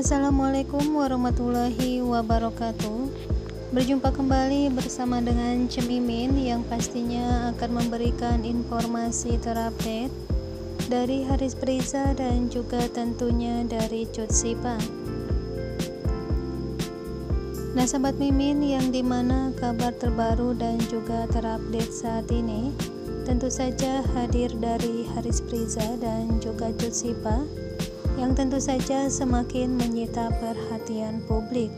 Assalamualaikum warahmatullahi wabarakatuh. Berjumpa kembali bersama dengan Cemimin yang pastinya akan memberikan informasi terupdate dari Haris Priza dan juga tentunya dari Cutsipa. Nah, sahabat Mimin yang dimana kabar terbaru dan juga terupdate saat ini tentu saja hadir dari Haris Priza dan juga Cutsipa yang tentu saja semakin menyita perhatian publik.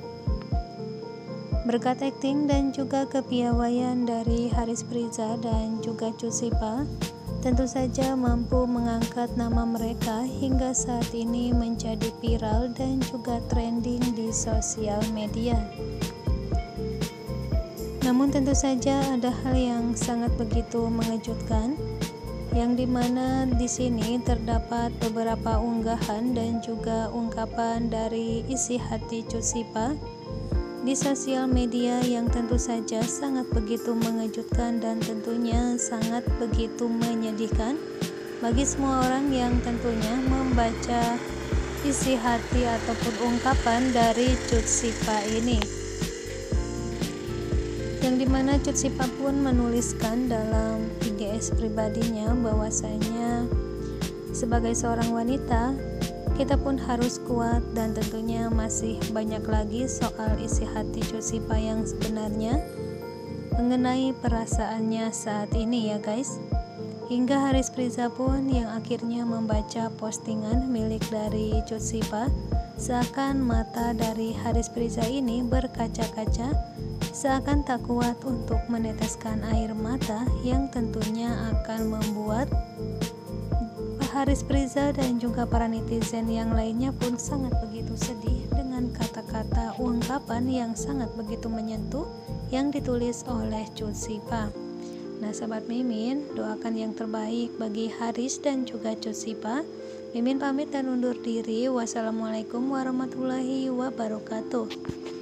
Berkat akting dan juga kepiawaian dari Haris Priza dan juga Cusipa, tentu saja mampu mengangkat nama mereka hingga saat ini menjadi viral dan juga trending di sosial media. Namun tentu saja ada hal yang sangat begitu mengejutkan yang dimana di sini terdapat beberapa unggahan dan juga ungkapan dari isi hati Cusipa di sosial media yang tentu saja sangat begitu mengejutkan dan tentunya sangat begitu menyedihkan bagi semua orang yang tentunya membaca isi hati ataupun ungkapan dari Cusipa ini yang dimana Cutsipa pun menuliskan dalam IGS pribadinya bahwasanya sebagai seorang wanita kita pun harus kuat dan tentunya masih banyak lagi soal isi hati Cutsipa yang sebenarnya mengenai perasaannya saat ini ya guys. Hingga Haris Priza pun yang akhirnya membaca postingan milik dari Cutsipa, seakan mata dari Haris Priza ini berkaca-kaca, seakan tak kuat untuk meneteskan air mata yang tentunya akan membuat Haris Priza dan juga para netizen yang lainnya pun sangat begitu sedih dengan kata-kata ungkapan yang sangat begitu menyentuh yang ditulis oleh Cutsipa. Nah, sahabat Mimin, doakan yang terbaik bagi Haris dan juga Cusipa. Mimin pamit dan undur diri. Wassalamualaikum warahmatullahi wabarakatuh.